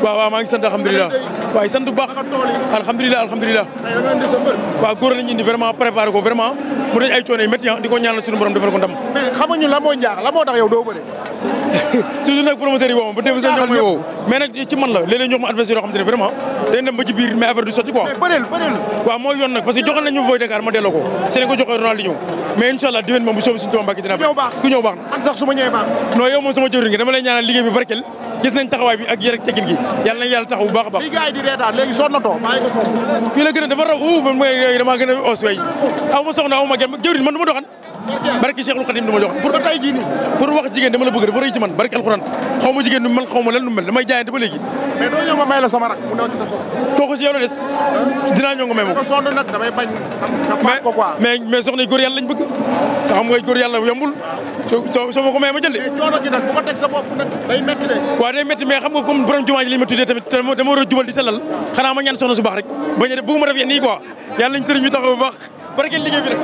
waaw waaw maa ngi sant alhamdulilah waaw sant bu baax alhamdulilah alhamdulilah waaw góor lañu indi vraiment préparé ko vraiment mu dañ ay coono yu métti ah, di ko ñaanal suñu borom defal ko ndam mais xamuñu la moo njaax la moo doo bëre toujours nag promoteur yi boobu ba démb sax ñoom mooy woowu mais nag ci man la léeg-léeg ma adversaire yoo xam te ne vraiment dañ dem biir mais affaire du sotti quoi bëreel bëreel waaw mooy yoon nag parce que joxoon nañu booy gis nañ taxawaay bi ak yéen ak teggin gi yàlla nañ yàlla taxaw bu baax a baax. fii gars yi di reetaan léegi na too bàyyi gën a dafa raw man mooy yooyu damaa gën a os wey aw ma soxna aw ma genn jëwriñ man du ma doxan barki Cheikhul Khadim du ma jox pour wax jigéen dama la bëgg dafa rëy ci man barki alxuraan xaw ma jigéen nu mel xaw ma lan nu mel damay jaayante ba léegi ko sonn nga faat ko quoi mais soo ma may ma jël de de waaw mais xam nga comme borom jumaa ji li ma tuddee tamit dama war a jubal di sellal xanaa ma ñaan soxna su baax rek bañ a def bëgguma def yéen nii quoi yàlla sëriñ bi taxaw bu baax barkeel liggéey bi rek